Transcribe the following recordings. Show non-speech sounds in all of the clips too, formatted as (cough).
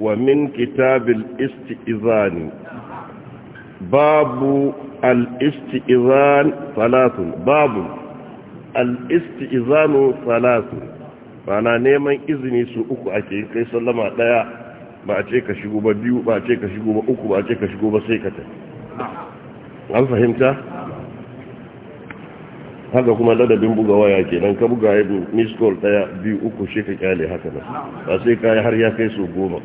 ومن كتاب الاستئذان باب الاستئذان ثلاث باب الاستئذان ثلاث فانا نيمان izini su uku ake kai sallama daya ba a ce ka shigo ba biyu ba a ce ka shigo ba uku ba a ce ka shigo ba sai ka tafi an fahimta haka kuma ladabin buga waya ke nan ka buga ya miss call daya biyu uku shi ka kyale haka nan ba sai ka har ya kai su goma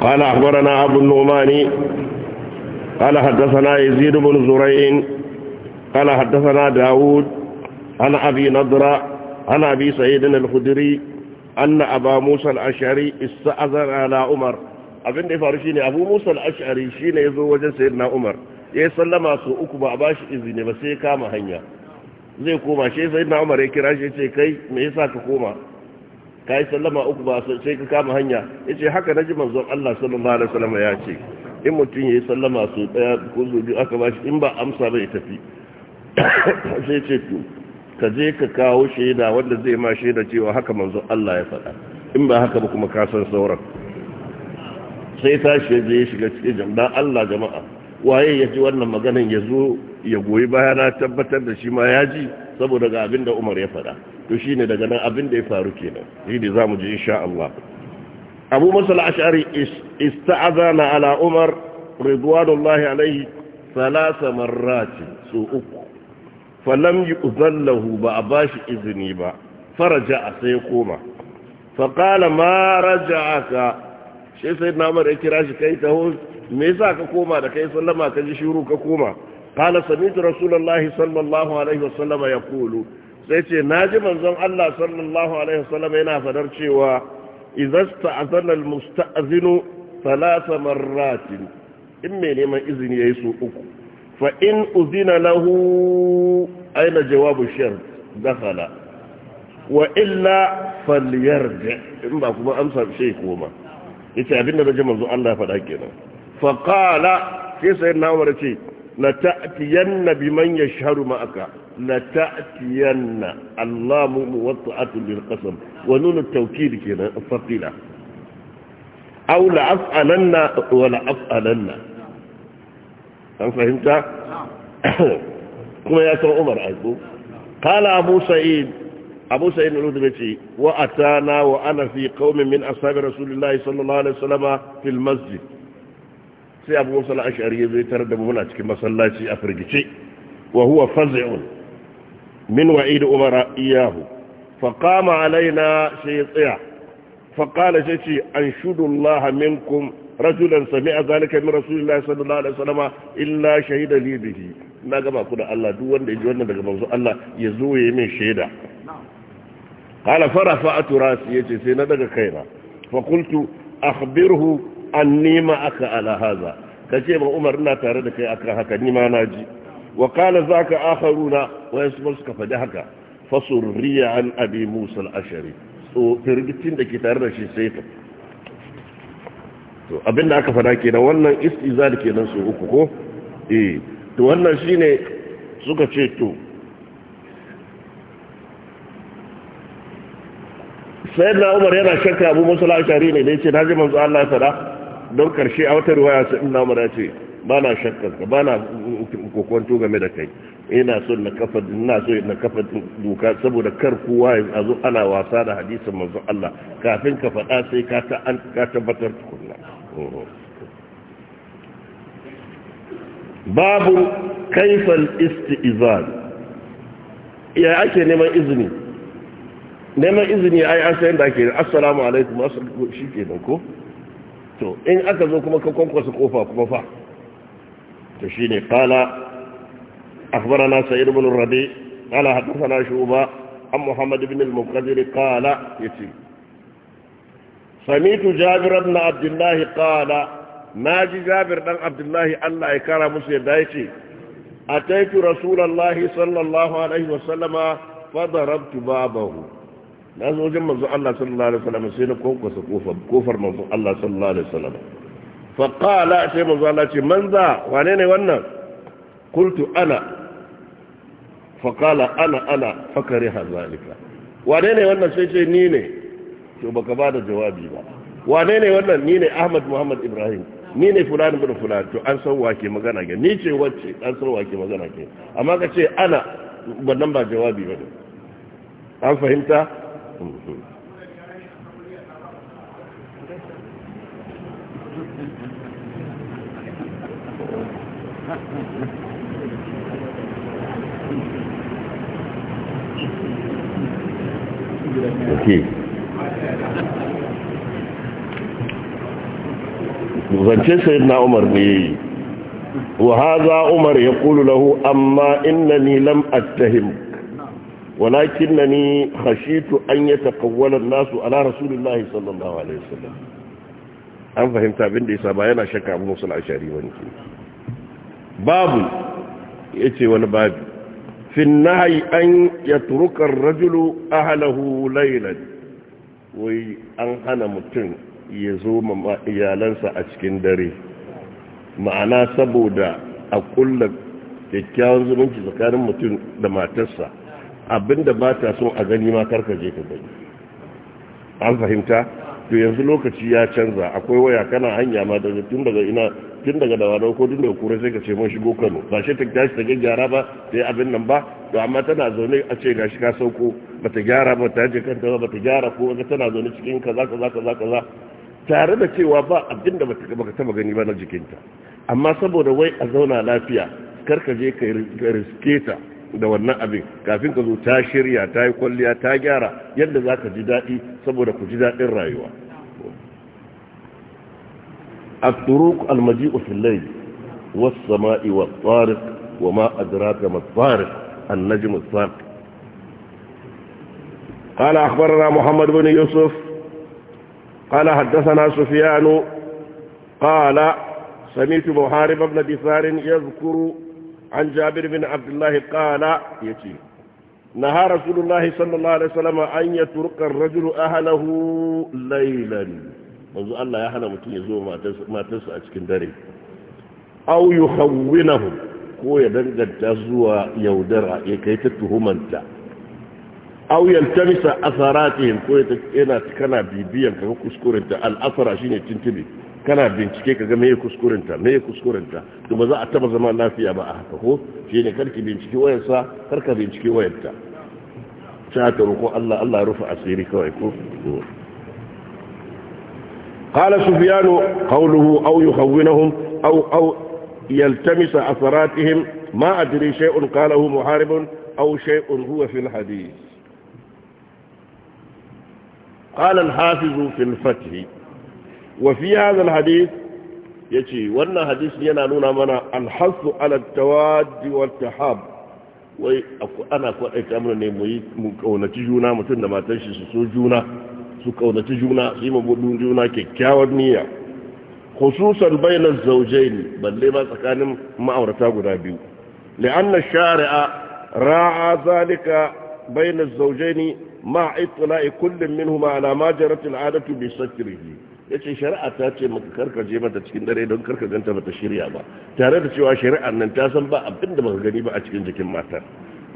قال أخبرنا أبو النعمان قال حدثنا يزيد بن زرين قال حدثنا داود عن أبي نضرة عن أبي سيدنا الخدري anna aba musa al-ash'ari ista'azana ala umar abin da ya faru shine abu musa al-ash'ari shine yazo wajen sayyidina umar ya sallama su uku ba a shi izini ba sai ya kama hanya zai koma shi sayyidina umar ya kira shi ya ce kai me yasa ka koma ka yi sallama uku ba sai ka kama hanya ya ce haka na ji manzon Allah sallallahu alaihi wasallam ya ce in mutum ya yi sallama su daya ko su biyu aka shi in ba amsa bai tafi (coughs) sai ce to ka je ka kawo shaida wanda zai ma shaida cewa haka manzo Allah ya faɗa in ba haka ba kuma ka san sauran sai tashi ya je shiga cikin jama'a Allah jama'a waye ya ji wannan maganan ya zo ya goyi baya na tabbatar da shi ma ya ji saboda ga abin da Umar ya faɗa to shine daga nan abin da ya faru kenan shi ne zamu ji insha Allah Abu Musa al-Ash'ari ista'azana ala Umar ridwanullahi alayhi ثلاث مرات سوء uku falam yi uzallahu ba a ba shi izini ba faraja a sai koma faƙala ma raja aka shi sai na ya kira shi kai taho me yasa ka koma da kai sallama ka ji shiru ka koma qala sami'tu rasulullahi sallallahu alaihi ya yaqulu sai ce naji manzon Allah sallallahu alaihi wasallam yana fadar cewa idza sta'azana almusta'zinu thalath marratin in me neman izini yayi su uku فإن أذن له أين جواب الشر دخل وإلا فليرجع إن باكما أمسى بشيء كوما يتعبين رجل منذ الله فلاكينا فقال في سيدنا عمر شيء لتأتين بمن يشهر معك لتأتين الله موطعة للقسم ونون التوكيد كنا الثقيلة أو لأفعلن ولا أفعلن an fahimta kuma ya san umar aiko kala abu sa'id abu sa'id na rudu ce wa wa ana fi qaumin min ashabi rasulullahi sallallahu alaihi wasallam fil masjid sai abu musa a ashari zai zaitar da muna cikin masallaci a firgice wa huwa faz'un min wa'id umar iyahu fa kama alaina shi tsaya فقال an أنشد الله منكم رجلا سمع ذلك من رسول الله صلى الله عليه وسلم إلا شهد لي به na gaba ku da Allah duk wanda ya ji wannan daga manzo Allah ya zo ya min shaida qala farafa'tu rasi yace sai na daga kaina fa qultu akhbirhu anni aka ala hadha kace ba Umar ina tare da kai akan haka ni ma na ji wa qala zaka akharuna wa yasbu suka fadi haka fasurriya an abi Musa al-Ashari firgitin da ke tare da shi sai ta to abinda aka fada kenan wannan istiza da kenan su uku ko eh to wannan shi ne suka ce to sai na umar yana shakka abu musulashari ashari ne ya ce na ji manzo Allah ya fada don karshe a wata riwaya sai na umar ya ce ba na shakkar ka ba na kokonto game da kai ina so na kafa ina so na kafa doka saboda kar kowa ya zo ana wasa da hadisin manzon Allah kafin ka faɗa sai ka ta an ka tabbatar tukunna babu kaifal istizan ya ake neman izini neman izini ai an san da ake assalamu alaikum shi ke ko to in aka zo kuma ka kwankwasa kofa kuma fa to shi ne kala akwara nasa irminu na shuba an muhammad ibn al-muqaddiri kala ya samitu jabir na abdullahi kala na ji jabir ɗan abdullahi allah ya kara musu yadda ya ce a taifi rasulallah sallallahu alaihi wasallama fada rabtu babahu na zojin manzo allah sallallahu alaihi wasallama sai na kofar manzo allah sallallahu alaihi wasallama faƙala sai manzo Allah ce manza wane ne wannan kultu ana faƙala ana ana fakari hazalika wane ne wannan sai ce ni ne to baka ba da jawabi ba wane ne wannan ni ne Ahmad Muhammad Ibrahim ni ne fulani bin fulani to an san wake magana ke ni ce wacce an san wake magana ke amma ka ce ana wannan ba jawabi ba ne an fahimta mhm. zance sai na umar ne yi wa haza umar ya kulu lahu amma innani lam attahim walakinani hashitu an takawalar nasu ala rasulillahi sallallahu alaihi wasallam an fahimta abin da ya ba yana shakka abu musul ashari ke babu ya ce wani babu fin nahi an ya turukar rajulu ahalahu lailan wai an hana mutum ya zo iyalansa a cikin dare ma'ana saboda a kulla kyakkyawan zumunci tsakanin mutum da matarsa abinda ba ta son a gani ma karkaje ka gani an fahimta to yanzu lokaci ya canza akwai waya kana hanya ma daga tun daga ina tun daga dawanau ko tun daga kura sai ka ce mun shigo kano ba shi ta tashi ta gyara ba ta yi abin nan ba to amma tana zaune a ce gashi ka sauko ba ta gyara ba ta je kanta ba ba ta gyara ko ga tana zaune cikin kaza kaza kaza kaza tare da cewa ba abin da baka taba gani ba na jikinta amma saboda wai a zauna lafiya kar ka je ka riske ta da wannan abin kafin ka zo ta shirya ta yi kwalliya ta gyara yadda za ka ji daɗi saboda ku ji daɗin rayuwa الطرق المجيء في الليل والسماء والطارق وما أدراك ما الطارق النجم الثاقب قال أخبرنا محمد بن يوسف قال حدثنا سفيان قال سمعت محارب بن دثار يذكر عن جابر بن عبد الله قال يتي نهى رسول الله صلى الله عليه وسلم أن يترك الرجل أهله ليلاً manzo Allah ya hana mutum ya zo matarsa a cikin dare aw yuhawwinahu ko ya danganta zuwa yaudara ya kai ta tuhumanta aw yaltamisa atharatihim ko yana kana bibiyan kaga kuskuren ta al'asara shine tintibi kana bincike kaga me kuskuren ta meye kuskuren ta to ba za a taba zama lafiya ba a haka ko shine karki bincike wayarsa karka bincike wayarta ta ta roƙo Allah Allah ya rufa asiri kawai ko قال سفيان قوله أو يخونهم أو, أو يلتمس أثراتهم ما أدري شيء قاله محارب أو شيء هو في الحديث قال الحافظ في الفتح وفي هذا الحديث يتي وأن حديث ينالون منا الحث على التواد والتحاب وأنا أقول أمرني مكونة جونا متنماتنش سسو جونا su kaunaci juna su yi mabudin juna kyakkyawar niyya khususan bainar ne balle ba tsakanin ma'aurata guda biyu la'anna shari'a ra'a zalika bainar zaujaini ma itla'i kullum minhuma ala ma jarat al'adatu bi Ya yace shari'a ta ce maka je mata cikin dare don karka ganta bata shirya ba tare da cewa shari'ar nan ta san ba abin da baka gani ba a cikin jikin matar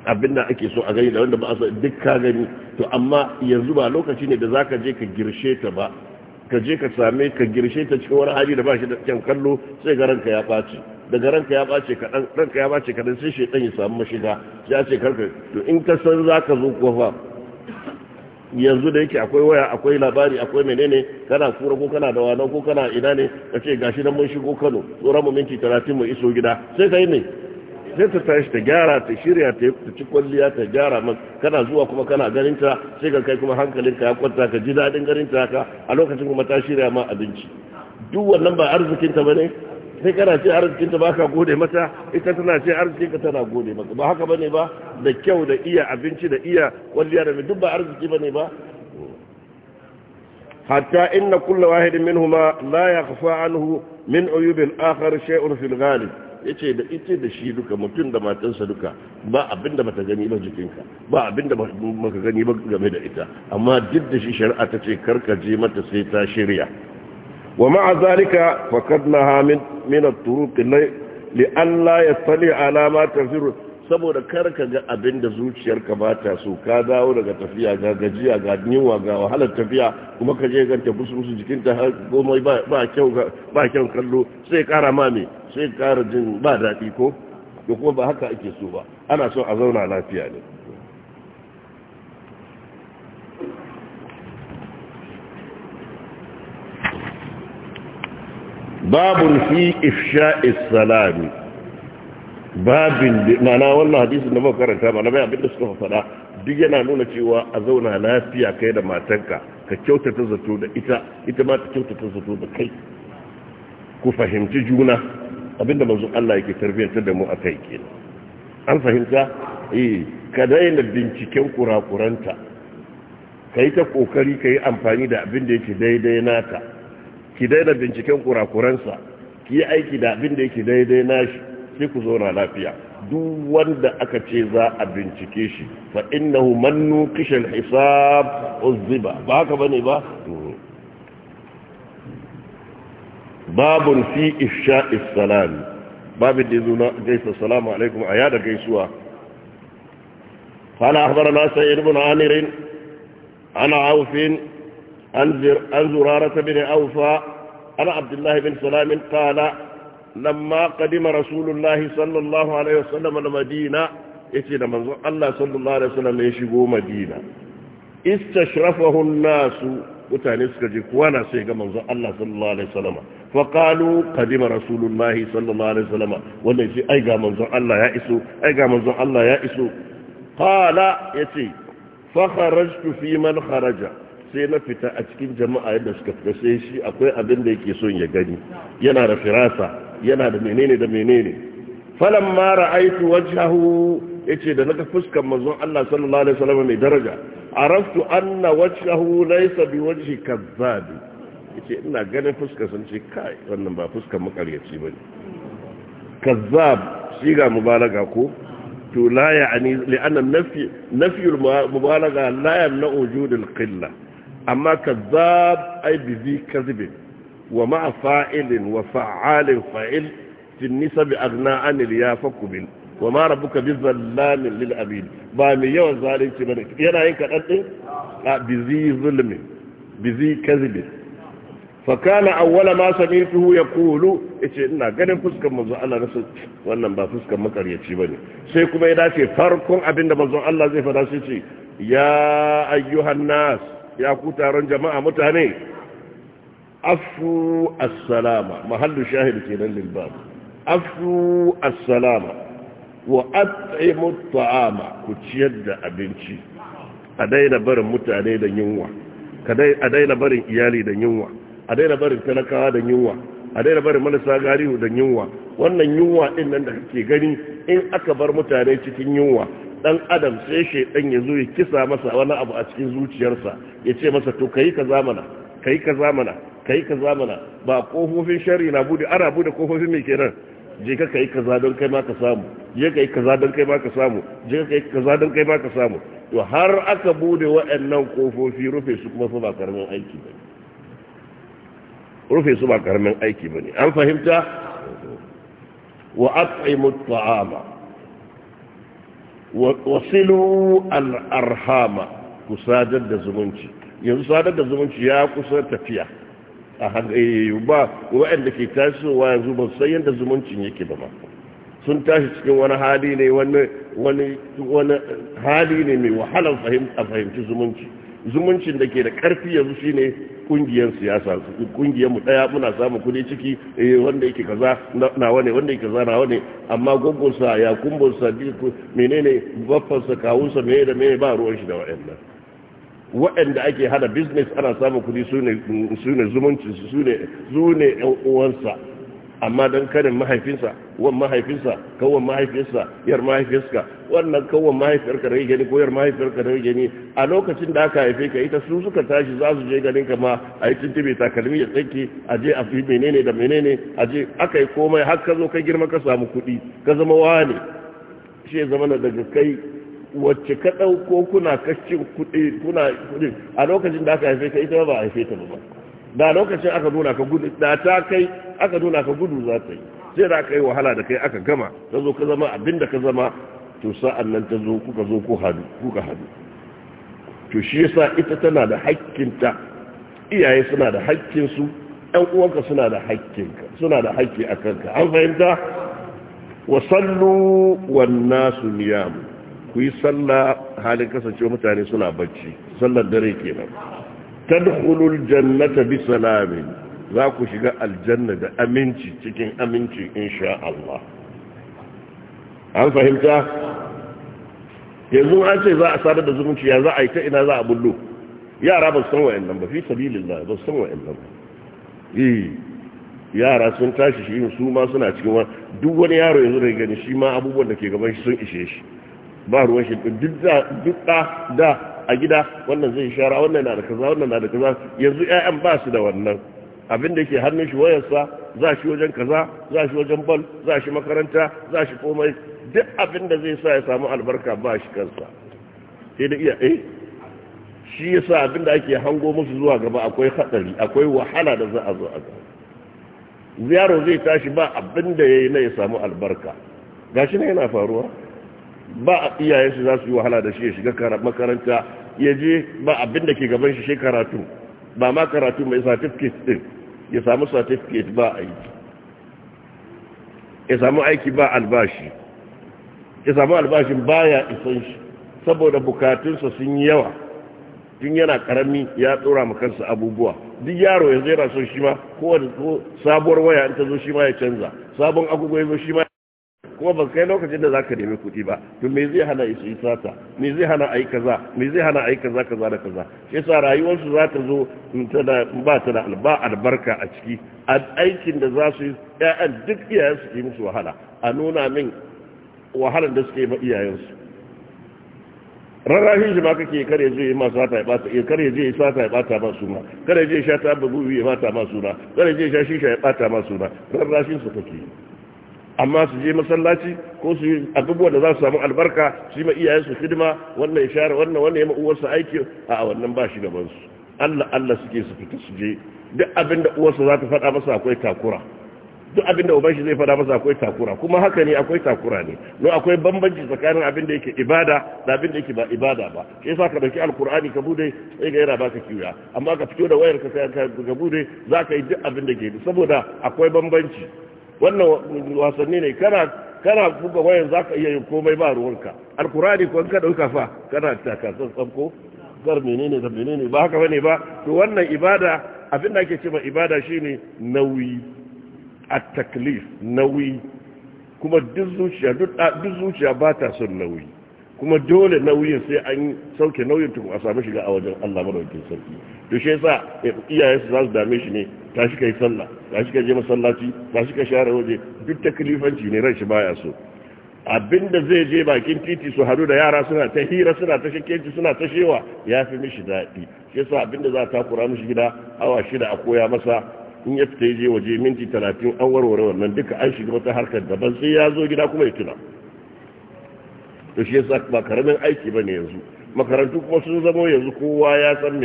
abin da ake so a gani da wanda ba a so duk ka gani to amma yanzu ba lokaci ne da za ka je ka girshe ta ba ka je ka same ka girshe ta cikin wani hali da ba shi da kyan kallo sai ga ranka ya ɓaci daga ranka ya ɓace kaɗan ranka ya ɓace kaɗan sai ɗan ya samu mashiga ya ce karka to in ka san za ka zo kofa yanzu da yake akwai waya akwai labari akwai menene kana kura ko kana da wani ko kana ina ne ka ce gashi nan mun shigo kano tsoron mu minti talatin mu iso gida sai ka yi ne sai ta tashi ta gyara ta shirya ta ta ci kwalliya ta gyara maka kana zuwa kuma kana ganin ta sai ka kai kuma ka ya kwanta ka ji daɗin ganin ta haka a lokacin kuma ta shirya ma abinci duk wannan ba arzikin ta bane sai kana ce arzikin ta baka gode mata ita tana ce arzikin ka tana gode maka ba haka bane ba da kyau da iya abinci da iya kwalliya da duk ba arziki bane ba حتى إن كل واحد منهما لا يخفى عنه من عيوب الآخر شيء في الغالب yace da ita da shi duka mutum da matansa duka ba abinda bata gani ba jikinka ba abinda maka gani ba game da ita amma duk da shi shari'a ta ce je mata sai ta shirya wa ma'a zalika fakadnaha min min at-turuq li ya yattali ala ma tafiru saboda kar ka ga abin da zuciyarka ba ta so ka dawo daga tafiya ga gajiya ga niwa ga wahalar tafiya kuma ka je ganta busu busu jikinta har komai ba kyau kallo sai kara mame sai kara jin ba daɗi ko da kuma ba haka ake so ba ana so a zauna lafiya ne babu fi ifsha'is salami babin mana wannan hadisin da muka karanta mana bai abin da suka fada duk yana nuna cewa a zauna lafiya kai da matanka ka kyautata zato da ita ita ma ta kyautata zato da kai ku fahimci juna abinda manzo Allah yake tarbiyyantar da mu kai kenan an fahimta eh ka daina binciken kurakuranta kai ta kokari kai amfani da abin da yake daidai naka ki daina binciken kurakuransa ki aiki da abin da yake daidai nashi sai ku zauna lafiya duk wanda aka ce za a bincike shi fa innahu man nuqisha al-hisab uzziba ba haka bane ba babun fi ifsha'is salam babin da yazo gaisa assalamu alaikum a yada gaisuwa قال أخبرنا سيد بن عامر عن عوف عن زرارة بن أوفى عن عبد الله بن سلام قال لما قدم رسول الله صلى الله عليه madina. المدينة يتي da manzon Allah sallallahu alaihi wasallam ya shigo Madina istashrafahu an-nas mutane suka ji kuwa na sai ga manzon Allah sallallahu alaihi wasallam fa qalu qadima rasulullah sallallahu alaihi wasallam wannan shi ai ga manzon Allah ya iso ai ga manzon Allah ya iso qala yace fa kharajtu fi man kharaja sai na fita a cikin jama'a yadda suka fita sai shi akwai abin da yake son ya gani yana da firasa yana da menene da menene falan ma ra'aitu wajhahu ce da naka fuskan manzon Allah sallallahu alaihi wasallam mai daraja araftu anna wajhahu laysa biwajhi kazzab yace ina ganin fuskar sun ce kai wannan ba fuskan makaryaci bane kazzab siga mubalaga ko to la ya'ni li'anna nafi nafi al-mubalaga la yamna wujud al-qilla amma kazzab ay bi kadhib ومع فاعل وفعال فاعل في النسب أغنى عن اليا فكبل وما ربك بظلام للأبيد بامي يو الظالم تبنك ينا ينك أنت بذي ظلم بذي كذب فكان أول ما سمعته يقول yace ina ganin fuskar manzon Allah na su wannan ba fuskar makaryaci bane sai kuma ya dace farkon abinda da manzon Allah zai fada shi ce ya ayyuhan nas ya ku taron jama'a mutane afu assalama mahallu shahid kenan lil bab afu assalama wa at'imu at'ama ku ciyar da abinci a daina barin mutane da yunwa a daina barin iyali da yunwa a daina barin talakawa da yunwa a daina barin marasa garihu da yunwa wannan yunwa din nan da kake gani in aka bar mutane cikin yunwa dan adam sai shedan ya zo ya kisa masa wani abu a cikin zuciyarsa ya ce masa to kai ka zamana kai ka zamana kai kaza mana ba kofofin shari na bude ana bude kofofin mai kenan je ka kai kaza don kai ma ka samu je ka yi kaza don kai ma ka samu je ka yi kaza don kai ma ka samu to har aka bude waɗannan kofofi rufe su kuma su ba karamin aiki ba rufe su ba karamin aiki ba ne an fahimta wa at'imu ta'ama wa wasilu al arhama ku sadar da zumunci yanzu sadar da zumunci ya kusa tafiya a hagayi ba waɗanda ke tasowa yanzu ba san yadda zumuncin yake ba sun tashi cikin wani hali ne wani hali ne mai wahalar a fahimci zumunci zumuncin da ke da ƙarfi yanzu ne ƙungiyar siyasa ƙungiyar mu ɗaya muna samu kudi ciki eh, wanda yake kaza na wane wanda yake kaza na wane amma gogonsa ya kumbunsa menene baffansa kawunsa mene da mene ba ruwan shi da waɗannan waɗanda ake hada business ana samun kudi su ne zumunci su ne ‘yan uwansa amma don kanin mahaifinsa wan mahaifinsa kawon mahaifinsa yar mahaifinsa wannan kawon mahaifiyarka da gani ko yar mahaifiyarka da gani a lokacin da aka haife ka ita su suka tashi za su je ganin ka ma a yi cinti mai takalmi ya tsaki a je a fi menene da menene a je aka yi komai har ka zo ka girma ka samu kuɗi ka zama wane shi ya zama daga kai wacce ka ɗauko kuna kashe kuɗi kuna kuɗi a lokacin da aka haife ka ita ba a haife ta ba da lokacin aka nuna ka gudu da ta kai aka nuna ka gudu za ta yi sai da aka yi wahala da kai aka gama ta zo ka zama abin da ka zama to sa'an nan ta zo kuka zo kuka hadu to shi yasa ita tana da haƙƙin ta iyaye suna da haƙƙin su ‘yan uwanka suna da ka suna da haƙƙi a kanka an fahimta sallu wannan nasu niyamu ku yi sallah halin kasance mutane suna bacci sallar dare kenan tadkhulul jannata bi salamin za ku shiga aljanna da aminci cikin aminci insha Allah an fahimta yanzu an ce za a sadar da zumunci ya za a yi ta ina za a bullo yara ba su san nan ba fi sabilillah ba su san wa'annan ba eh yara sun tashi shi su ma suna cikin wani duk wani yaro yanzu da gani shi ma abubuwan da ke gaban shi sun ishe shi ba ruwan shi duk da da a gida wannan zai shara wannan na da kaza wannan na da kaza yanzu ƴaƴan ba su da wannan abin da ke hannun shi wayarsa za shi wajen kaza za shi wajen bal za shi makaranta za shi komai duk abin da zai sa ya samu albarka ba shi kansa sai da iya eh shi yasa abin da ake hango musu zuwa gaba akwai hadari akwai wahala da za a zo a gaba ziyaro zai tashi ba abin da yayi na ya samu albarka gashi ne yana faruwa ba iyaye su za su yi wahala da shi ya shiga makaranta ya je ba abin da ke gaban shi shi karatu ba ma karatu mai certificate din ya samu certificate ba aiki ya samu aiki ba albashi ya samu albashin baya isan shi saboda bukatunsa sun yi yawa tun yana karami ya tsora kansa abubuwa duk yaro ya zai raso shi ma kowane sabuwar waya in ta zo shi ma ya canza sabon agogo ya zo shi ma kuma ba kai lokacin da za ka nemi kuɗi ba to me zai hana isu isata me zai hana a yi kaza me zai hana a yi kaza kaza da kaza shi yasa rayuwarsu za ta zo ba ta da alba albarka a ciki a aikin da za su yi ya'yan duk iyayen su yi musu wahala a nuna min wahalar da suke ma iyayensu rarrahin shi ma kake kare zai yi masu hata ya bata ya eh, kare zai yi sata ya bata ma suna kare zai sha ta bugu ya bata ma suna kare zai sha shisha ya bata ma suna rarrahin su kake yi amma su je masallaci ko su yi abubuwan da za su samu albarka su yi ma iyayensu hidima wannan ishara wannan wannan ya ma uwarsa aiki a wannan ba shi gaban su Allah Allah suke su fita su je duk abin da uwarsa za ta faɗa masa akwai takura duk abin da uban shi zai faɗa masa akwai takura kuma haka ne akwai takura ne no akwai bambanci tsakanin abin da yake ibada da abin da yake ba ibada ba shi yasa ka dauki alkur'ani ka bude sai ga yana baka kiwa amma ka fito da wayar ka ka bude zaka yi duk abin da ke saboda akwai bambanci wannan wasanni ne kana kana buga wayan zaka iya yin komai ba ruwanka alkurani ko ka dauka fa kana san tsanko gar menene da menene ba haka bane ba to wannan ibada abin da ake cewa ibada shine nauyi at-taklif nauyi kuma duk zuciya duk zuciya ba ta son nauyi kuma dole nauyin sai an sauke nauyin tukun a samu shiga a wajen Allah maraukin sarki to shi yasa iyaye su za su dame shi ne ta tashi kai sallah ta shi ka je masallaci shi ka share waje duk taklifanci ne ran shi baya so abinda zai je bakin titi su hadu da yara suna ta hira suna ta shakenci suna ta shewa ya fi mishi daɗi shi yasa abinda za ta kura mishi gida awa shida a koya masa in ya fita je waje minti talatin an warware wannan duka an shiga wata harkar daban sai ya zo gida kuma ya tuna to shi yasa ba karamin aiki ba ne yanzu makarantu kuma sun zamo yanzu kowa ya san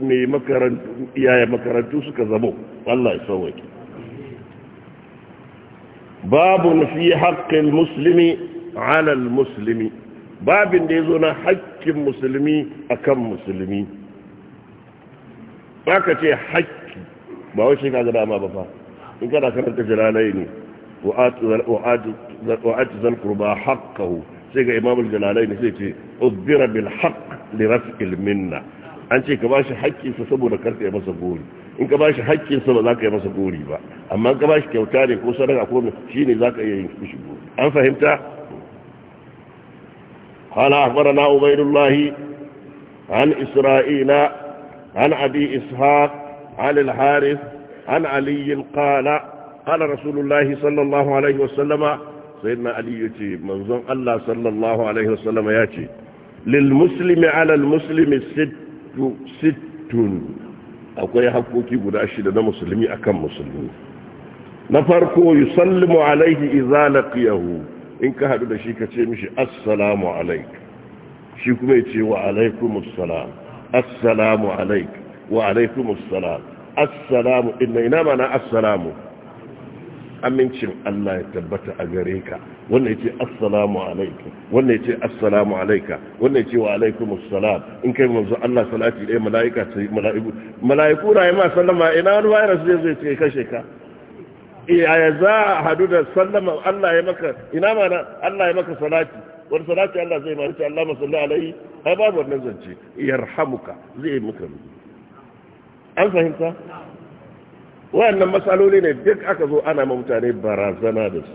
me makarantu yaya makarantu suka zamo Allah ya sauwake babu fi haqqil muslimi ala al muslimi babin da yazo na haƙƙin musulmi akan musulmi ka ce haƙƙi ba wai shi kaga dama ba fa in kada karanta jalalai ne wa atu wa atu zal qurba haqqahu sai ga imamul jalalai ne sai ce uzbira bil haqq li raf'il minna an ce ka bashi haƙƙin sa saboda karka ya masa gori in ka bashi haƙƙin sa ba za ka yi masa gori ba amma ka bashi kyauta ne ko sadaka ko shine za ka iya yin kishi gori an fahimta قال أخبرنا عبيد الله عن إسرائيل عن أبي إسحاق عن الحارث عن علي قال قال رسول الله صلى الله عليه وسلم sayyidina ali ce manzon Allah sallallahu alaihi wasallam yace lil muslimi alal al muslimi sittun akwai hakoki guda shida na musulmi akan musulmi na farko yusallimu alaihi idza laqiyahu in ka haɗu da shi ka ce mishi assalamu alaik shi kuma ya ce wa alaikumus salam assalamu alaik wa alaikumus salam assalamu inna ina mana assalamu amincin Allah ya tabbata a gare ka wannan yace assalamu alaikum wannan yace assalamu alayka wannan yace wa alaikum assalam in kai manzo Allah salati dai malaika sai malaiku malaiku rai ma sallama ina wani virus zai zo ce kashe ka eh, ya za hadu da sallama Allah ya maka ina mana Allah ya maka salati wani salati Allah zai maka Allah masalli alaihi ai babu wannan zance yarhamuka zai maka an fahimta wayannan matsaloli ne duk aka zo ana mutane barazana da su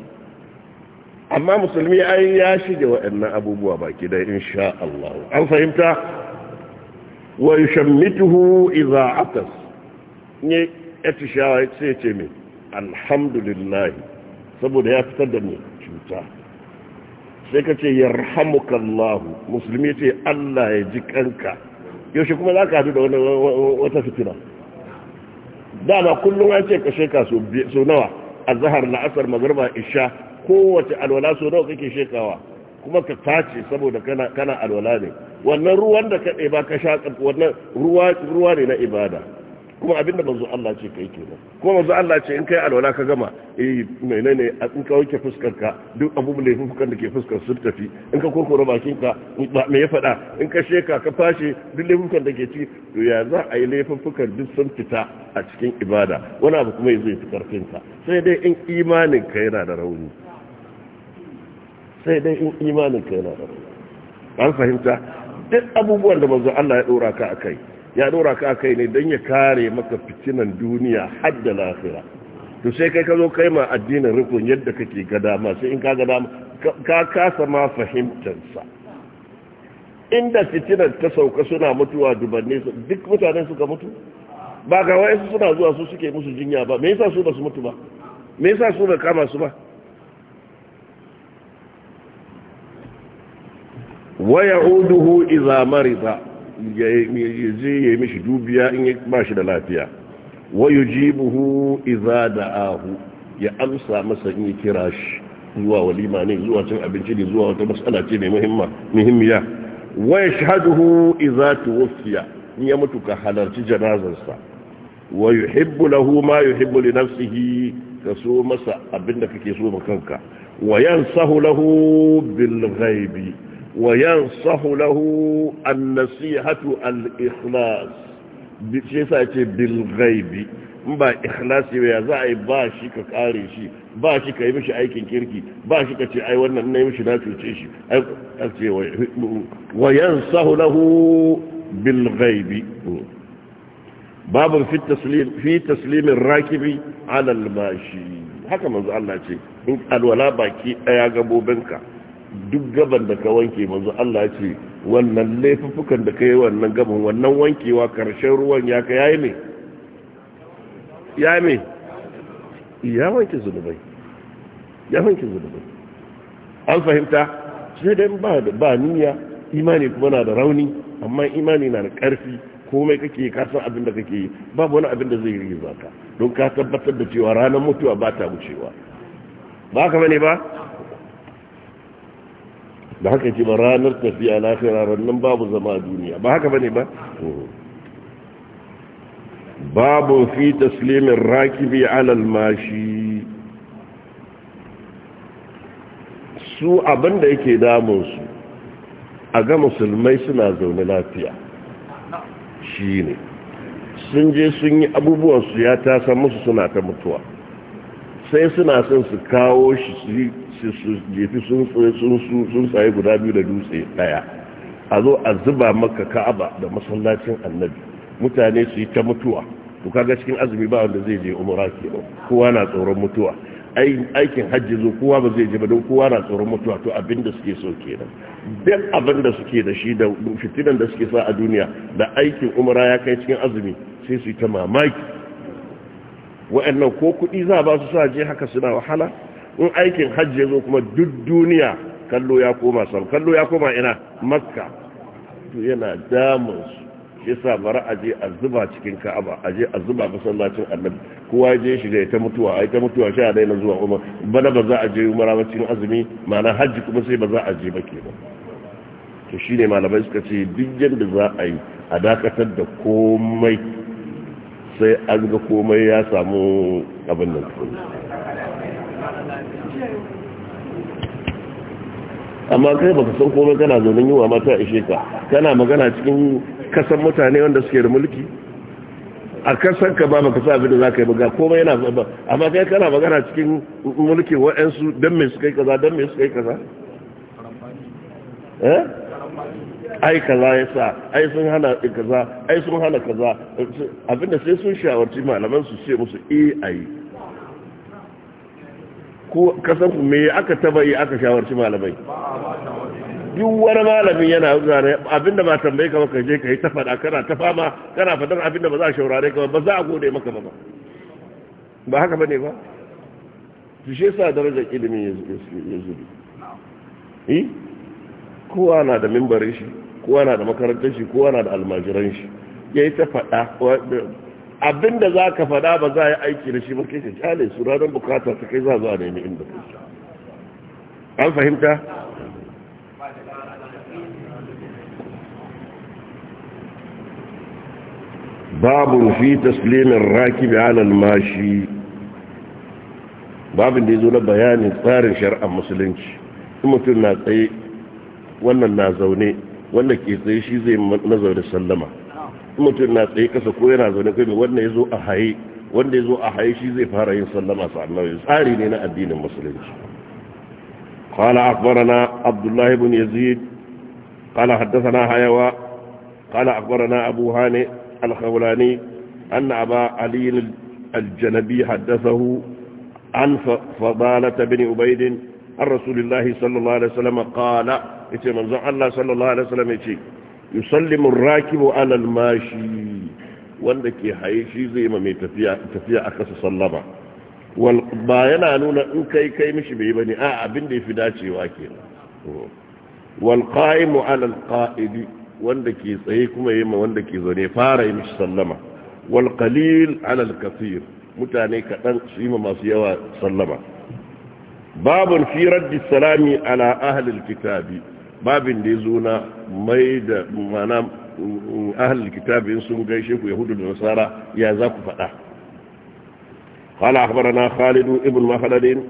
amma musulmi ai ya shige waɗannan abubuwa baki da insha Allah an fahimta wa yashmituhu idha atas ne atishawa sai ce me alhamdulillah saboda ya fitar da ni cuta sai kace yarhamukallahu musulmi ce Allah ya ji kanka yaushe kuma zaka hadu da wata fitina dama kullum an ce kashe ka so nawa a zahar la'asar magarba isha kowace alwala so nawa kake shekawa kuma ka tace saboda kana alwala ne wannan ruwan da ka ba ka sha wannan ruwa ne na ibada kuma abinda manzo Allah ce kai kenan kuma manzo Allah ce in kai alwala ka gama eh menene in ka wanke fuskar ka duk abubuwan da fuskar da ke fuskar sun tafi in ka kokoro bakin ka me ya fada in ka sheka ka fashe duk laifukan da ke ci to ya za a yi laifukan duk sun fita a cikin ibada wani abu kuma zai fi karfin ka sai dai in imanin ka yana da rauni sai dai in imanin ka yana da rauni an fahimta duk abubuwan da manzo Allah ya dora ka akai ya dora ka kai ne don ya kare maka fitinan duniya hadda lafira to sai kai ka zo kai ma addinin rukun yadda kake ga dama sai in ka ga dama ka kasa ma fahimtansa inda fitinan ta sauka suna mutuwa dubanne su duk mutanen suka mutu ba ga wayansu suna zuwa su suke musu jinya ba me yasa su ba su mutu ba me yasa su ba kama su ba wa ya'uduhu idza marida ya je ya mishi dubiya in ya ba shi da lafiya wa yujibuhu idza ahu? ya amsa masa in ya kira shi zuwa walima ne zuwa cin abinci ne zuwa wata mas'ala ce mai muhimma muhimmiya wa yashhaduhu idza tuwfiya in ya mutu ka halarci janazarsa wa yuhibbu hu ma yuhibbu na nafsihi ka so masa abinda kake so ma kanka wa yansahu lahu bil ghaibi وينصح له النصيحة الإخلاص بشيسة بالغيب ba ikhlasi ya za a yi ba shi ka kare shi ba shi ka yi mishi aikin kirki ba shi ka ce ai wannan na yi mishi na cuce shi a ce wa yansahu lahu bil ghaibi babu fi taslimin rakibi ala haka manzo Allah ce in alwala baki ɗaya gabobinka duk gaban da ka wanke mazu Allah ce wannan laifukan da ka yi wannan gaban wannan wankewa karshen ruwan ya ka yayi ne ya me ya wanke zunubai ya wanke zunubai an fahimta sai dai ba da ba niyya imani kuma na da rauni amma imani na da karfi komai kake ka san abin da kake yi babu wani abin da zai rigiza zaka don ka tabbatar da cewa ranar mutuwa ba ta wucewa ba ka bane ba da haka ce ba ranar tafiya lafiya rannan babu zama a duniya ba haka bane ba babu fi taslimin rakibi alal mashi su abinda yake damunsu a ga musulmai suna zaune lafiya shi ne sun je sun yi abubuwansu ya tasa musu suna ta mutuwa sai suna son su kawo shi jefi sun sayi guda biyu da dutse daya a zo a zuba maka ka'aba da masallacin annabi mutane su yi ta mutuwa to kaga cikin azumi ba wanda zai je umara ba kowa na tsoron mutuwa aikin hajji zo kowa ba zai je ba don kowa na tsoron mutuwa to abinda suke so kenan duk abinda suke da shi da fitinan da suke sa a duniya da aikin umara ya kai cikin azumi sai su yi ta mamaki wa'annan ko kuɗi za ba su sa je haka suna wahala in aikin hajji ya zo kuma duk duniya kallo ya koma sam kallo ya koma ina makka to yana damun su shi sa bara a je a zuba cikin ka'aba a je a zuba masallacin annabi kowa ya je shi ya ta mutuwa ai ta mutuwa sha a daina zuwa umar bana ba za a je umara ba cikin azumi ma'ana hajji kuma sai ba za a je ba ke ba. to shine malamai suka ce duk yadda za a yi a dakatar da komai sai an ga komai ya samu abin nan amma kai baka san komai kana zaune yiwa mata ishe ka kana magana cikin kasan mutane wanda suke da mulki a kasan ka ba maka sa abin da za ka yi ba komai yana ba amma kai kana magana cikin mulki wa'ansu don me su kai kaza don mai su kai kaza eh ai kaza ya sa ai sun hana kaza ai sun hana kaza abinda sai sun shawarci malaman su ce musu eh ai ko kasan me aka taba yi aka shawarci malamai duk wani malamin yana zane abinda ba tambaye ka ka je ka yi ta fada kana ta fama kana fadar abinda ba za a shaurare ka ba za a gode maka ba ba Ba haka ne ba su shi sa darajar ilimi ya zubi yi kowa na da mimbarin shi kowa na da makarantar shi kowa na da almajiran shi yi ta fada abinda za ka faɗa ba za a yi aiki da shi ba kai ka kyale su ranar bukata ta kai za zuwa nemi inda an fahimta babu fi taslimin rakibi alal mashi babin da ya zo na bayanin tsarin shari'ar musulunci in mutum na tsaye wannan na zaune wanda ke tsaye shi zai na zaune sallama mutum na tsaye kasa ko yana zaune kai wanda ya zo a haye wanda ya zo a haye shi zai fara yin sallama sa'annan ya tsari ne na addinin musulunci qala akhbarana abdullahi ibn yazid qala haddathana hayawa qala akhbarana abu hani al-khawlani anna aba ali al-janabi haddathahu an fadalata bin ubayd an rasulillahi sallallahu alaihi wasallam qala yace manzon Allah sallallahu alaihi wasallam yace yusallimu rakibu ala mashi wanda ke haye shi zai ma mai tafiya tafiya aka sallama ba yana nuna in kai kai mishi bai bane a abin da yafi dacewa kenan wal qa'imu ala qa'idi wanda ke tsaye kuma yayi ma wanda ke zaune fara yi mishi sallama wal qalil mutane kaɗan su ma masu yawa sallama babun fi raddi salami ala ahli kitabi babin da ya zo na mai da mana mm, ahal kitabin sun gaishe ku yahudu da nasara ya za ku faɗa ƙwala akwara na khalidun ibn mahalarin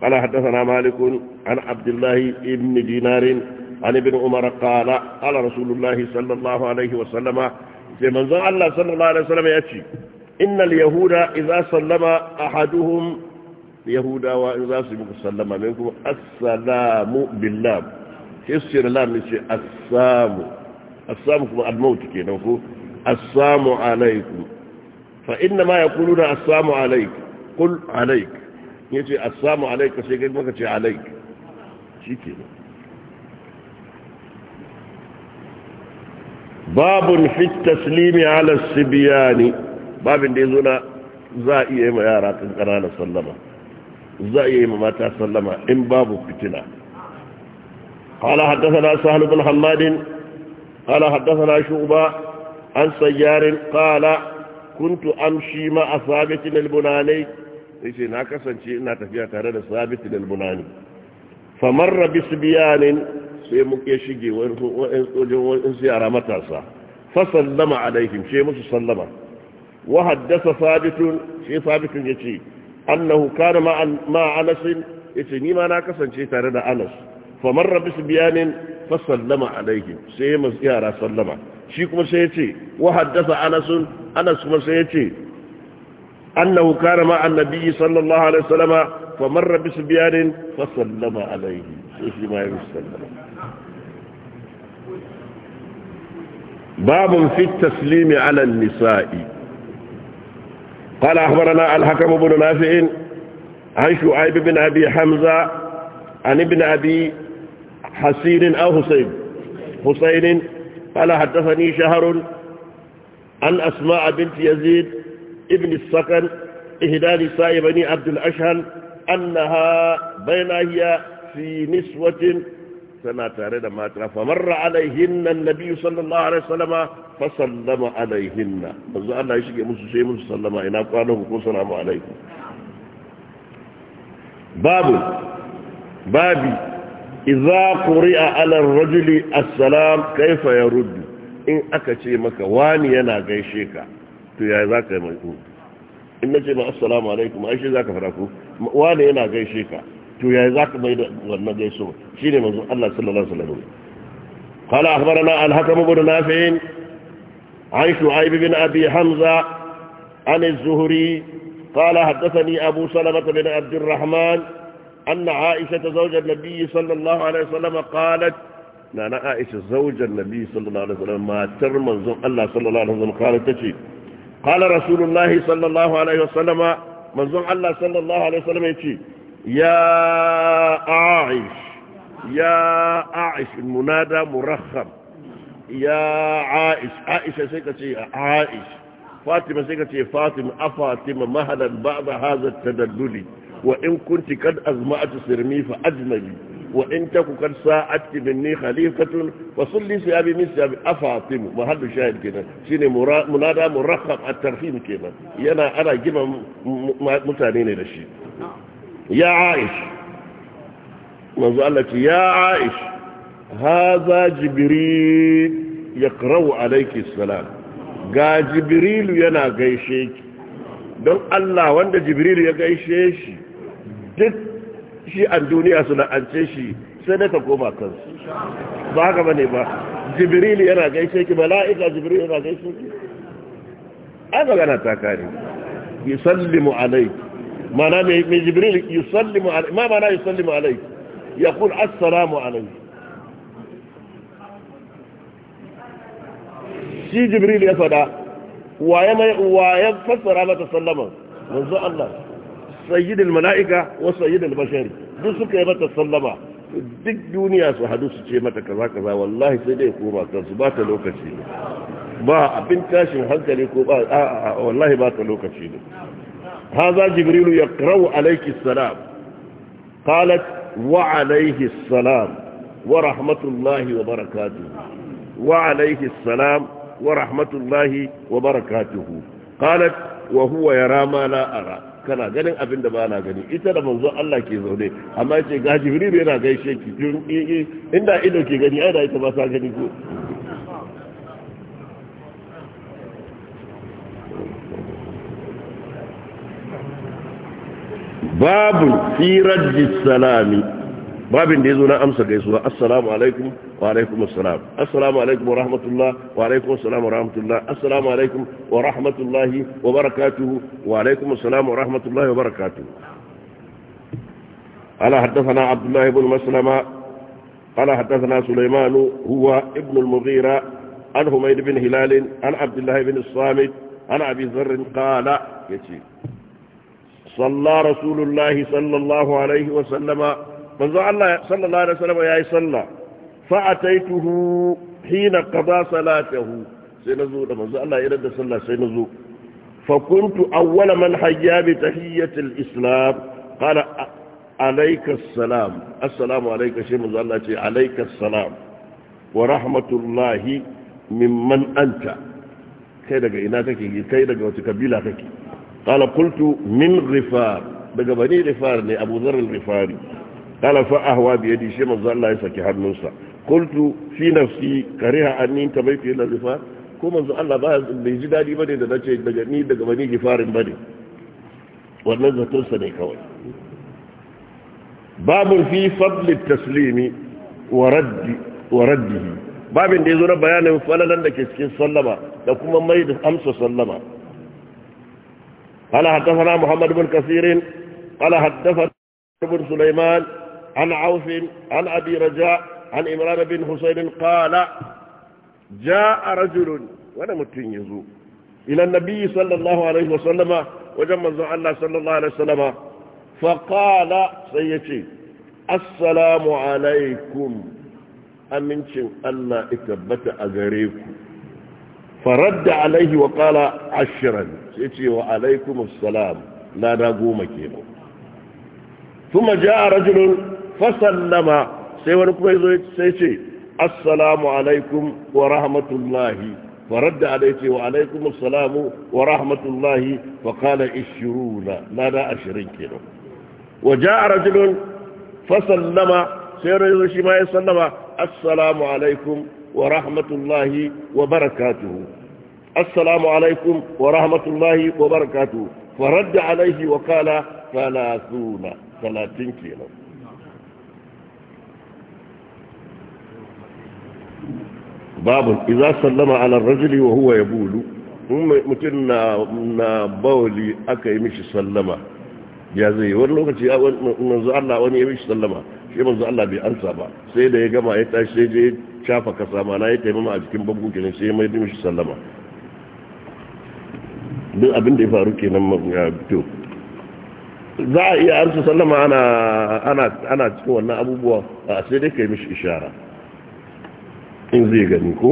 ƙwala haddasa malikun an abdullahi ibn dinarin an ibn umar ƙala ala rasulullahi sallallahu alaihi wasallama sai manzon allah sallallahu alaihi wasallama ya ce innal yahuda iza sallama ahaduhum yahudawa in za su yi muku sallama min kuma assalamu billah sai su ce da ce assamu assamu kuma almauti ke nan ko assamu alaikum fa inna ma yaquluna kulu da assamu alaik kul alaik ya ce assamu alaik sai kai maka ce alaik shi ke nan babun fi taslimi ala sibiyani babin da ya zo na za a iya yi ma yara kan ƙananan sallama za a iya yi ma mata sallama in babu fitina قال حدثنا سهل بن حماد قال حدثنا شعبة عن سيار قال كنت أمشي مع ثابت البناني yace na kasance ina tafiya tare da sabit da famarra bi sibiyanin sai muke shige wani sojin yara matasa fa sallama alaihim sai musu sallama wa haddasa sabitun sai sabitun yace annahu kana ma yace ni ma na kasance tare da anas famarra bisu biyanin fasallama alaihi sai ya masu yara sallama shi kuma sai ya ce wa anasun anas kuma sai ya ce annahu kana ma annabi sallallahu alaihi wasallama famarra bisu biyanin fasallama alaihi sai shi ma ya yi sallama babun fi taslimi ala nisa'i قال أخبرنا الحكم بن نافع عن شعيب بن أبي حمزة عن ابن أبي حسين أو حسين حسين قال حدثني شهر عن أسماء بنت يزيد ابن السكن إهدى نساء بني عبد الأشهل أنها بين هي في نسوة سنة تارد ما فمر عليهن النبي صلى الله عليه وسلم فسلم عليهن فزا الله يشكي مسو شيء مسو سلم إنا قالوا كون سلام عليكم باب بابي iza ƙuri'a alar rajuli assalam kaifa ya ruddu in aka ce maka wani yana gaishe ka to ya za ka yi mai in na ce ma assalamu alaikum shi za ka fara ku wani yana gaishe ka to ya za ka mai da wannan gaiso shi ne manzo Allah sallallahu alaihi wasallam na أخبرنا الحكم بن نافع عن شعيب بن أبي حمزة عن الزهري قال حدثني أبو سلمة بن عبد الرحمن أن عائشة زوج النبي صلى الله عليه وسلم قالت أنا عائشة زوج النبي صلى الله عليه وسلم ما ترمن الله صلى الله عليه وسلم قالت تشي قال رسول الله صلى الله عليه وسلم زوج الله صلى الله عليه وسلم يتشي يا عائش يا عائش المنادى مرخم يا عائش عائشة سيكتي عائش فاطمة سيكتي فاطمة أفاطمة مهلا بعد هذا التدلل وإن كنت قد أزمأت سرمي فأجنبي وإن تك قد ساءتك مني خليفة فصلي سيابي من سيابي أفاطم محل شاهد كده شيني منادى مرخق الترخيم كده ينا أنا جمع متانين لشي يا عائش منذ قالت يا عائش هذا جبريل يقرأ عليك السلام قال جبريل ينا قيشيك don Allah wanda Jibril ya gaishe shi duk shi an duniya suna an ce shi sai dai ta koma kansu ba haka ba ne ba jibril yana gaishe ki mala'ika jibril yana gaishe ki ga gana ta kare yusallimu alai mana mai jibril yusallimu alai ma mana yusallimu alayki yaqul assalamu alai shi jibril ya fada wa ya fassara mata sallama manzo Allah sayyidul mala'ika wa sayyidul bashari duk suka yi mata sallama duk duniya su hadu su ce mata kaza kaza wallahi sai dai koma kansu ba ta lokaci ne ba abin tashin hankali ko ba a wallahi ba ta lokaci ne haza jibrilu ya yaqra'u alayki salam qalat wa alayhi salam wa rahmatullahi wa barakatuh wa alayhi salam wa rahmatullahi wa barakatuh qalat wa huwa yara ma la ara kana ganin abin da ba na gani ita da manzo Allah ke zaune amma yace ga jibril yana gaishe ki eh, eh, inda ido ke gani ai da ita ba sa gani ko babu fi raddi salami babin da ya zo na amsa gaisuwa assalamu alaikum wa alaikum assalam assalamu alaikum wa rahmatullah wa alaikum assalam wa rahmatullah assalamu alaikum wa rahmatullahi wa barakatuhu wa alaikum assalam wa rahmatullahi wa barakatuhu ala haddathana abdullah ibn maslama ala haddathana sulaiman huwa ibn al-mughira an humayd ibn hilal an abdullah ibn as-samit an abi dharr qala yace صلى رسول الله صلى الله عليه وسلم manzo Allah sallallahu alaihi wasallam yayi sallah fa ataituhu hina qada salatahu sai nazo da manzo Allah ya da sallah sai nazo fa kuntu awwala man hayya bi tahiyyati al-islam qala alayka assalam assalamu alayka shi manzo Allah ce alayka assalam wa rahmatullahi mimman anta kai daga ina kake kai daga wace kabila kake qala qultu min rifar daga bani rifar ne abu dharr rifari قال فأهوى بيدي شيء مزال الله يسكي حد نوسى قلت في نفسي كريها أني انتبهت إلى الغفار كما زال الله بقى بيجداني بني دا نشي دجني دجمني غفار بني والنزة تنسى نيكوي باب في فضل التسليم ورد ورده باب da yazo na bayanin falalan اسكين صلما لكم من ميد أمس صلما قال حدثنا محمد بن كثير قال حدثنا بن سليمان عن عوف عن أبي رجاء عن إمران بن حسين قال جاء رجل وانا متنجزو إلى النبي صلى الله عليه وسلم وجمع الله صلى الله عليه وسلم فقال سيتي السلام عليكم أمنشن الله إكبت أغريكم فرد عليه وقال عشرا سيتي وعليكم السلام لا نقوم كينا ثم جاء رجل فسلم sai wani kuma السلام عليكم ورحمة الله alaikum فرد عليه وعليكم السلام ورحمة الله فقال اشرون لا لا أشرين كيلو وجاء رجل فسلم سير ما يسلم السلام عليكم ورحمة الله وبركاته السلام عليكم ورحمة الله وبركاته فرد عليه وقال ثلاثون ثلاثين كيلو babu iza sallama ala rajuli wa huwa yabulu mutum na na bawli aka yi mishi sallama ya zai wani lokaci manzo Allah wani ya mishi sallama shi manzo Allah bai ansa ba sai da ya gama ya tashi sai ya shafa kasa ma na ya taimama a jikin babu kenan sai ya da mishi sallama duk abin da ya faru kenan ma ya fito za a iya arsu sallama ana cikin wannan abubuwa a sai dai ka yi mishi ishara in zai gani ko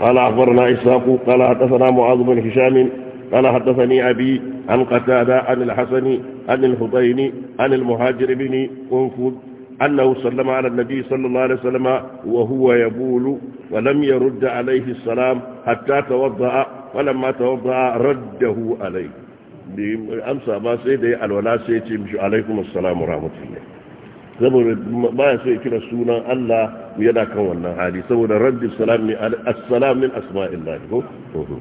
قال أخبرنا إسحاق قال حدثنا معاذ بن هشام قال حدثني أبي عن قتادة عن الحسن عن الهضين عن المهاجر بن أنفذ أنه سلم على النبي صلى الله عليه وسلم وهو يبول ولم يرد عليه السلام حتى توضأ ولما توضأ رده عليه أمسى ما سيدي الولا سيتي عليكم السلام ورحمة الله saboda baya so ya kira sunan Allah yana kan wannan hali saboda rabbi salam ne assalam min ko mhm.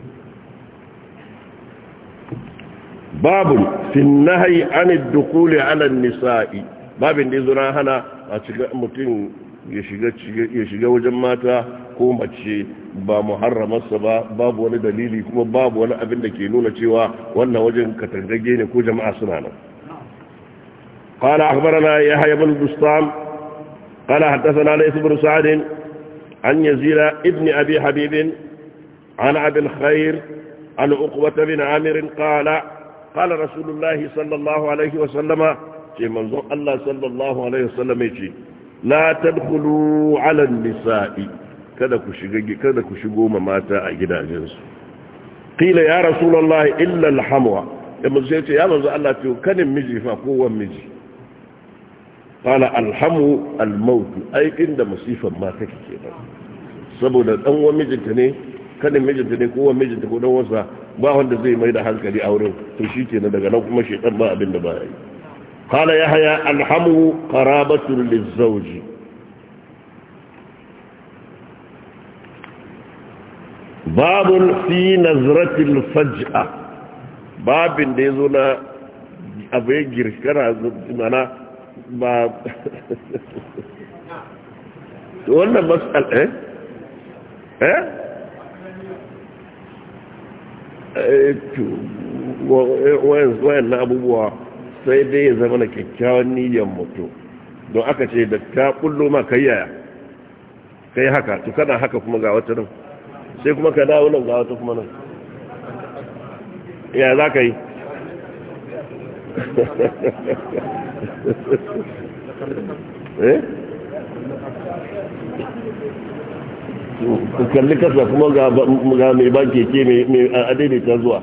babu fi nahyi an dukul ala nisai babin da zuwa hana a cikin mutum ya shiga ya shiga wajen mata ko mace ba muharramarsa ba babu wani dalili kuma babu wani abin da ke nuna cewa wannan wajen katangage ne ko jama'a suna nan قال أخبرنا يحيى بن بسطام قال حدثنا ليث بن سعد عن يزيد ابن أبي حبيب عن أبي الخير عن أقوة بن عامر قال قال رسول الله صلى الله عليه وسلم في منظر الله صلى الله عليه وسلم يجي لا تدخلوا على النساء kada ku shiga kada ku shigo ma mata a gidajensu qila ya rasulullahi illa alhamwa da mun sai ce ya manzo Allah to kanin miji fa kowan miji qala alhamu almaut ai inda musifan ma take kenan saboda dan uwan mijinta ne kanin mijinta ne ko mijinta ko dan wasa ba wanda zai mai da hankali a wurin to shikenan daga nan kuma shedan ba abin da ba yi ya haya alhamu qarabatu lizawji babun fi nazratil faj'a babin da yazo na abai girkara mana ba wannan matsal eh eh, eh, eh wayan na abubuwa sai dai ya zama na kyakkyawan niyyar mutum don aka ce da ta kullo ma kai yaya kai haka to kana haka kuma ga wata nan sai kuma ka dawo nan ga wata kuma nan ya za ka yi (laughs) Eh? kalli kasa kuma ga mai ban keke mai adaidaita zuwa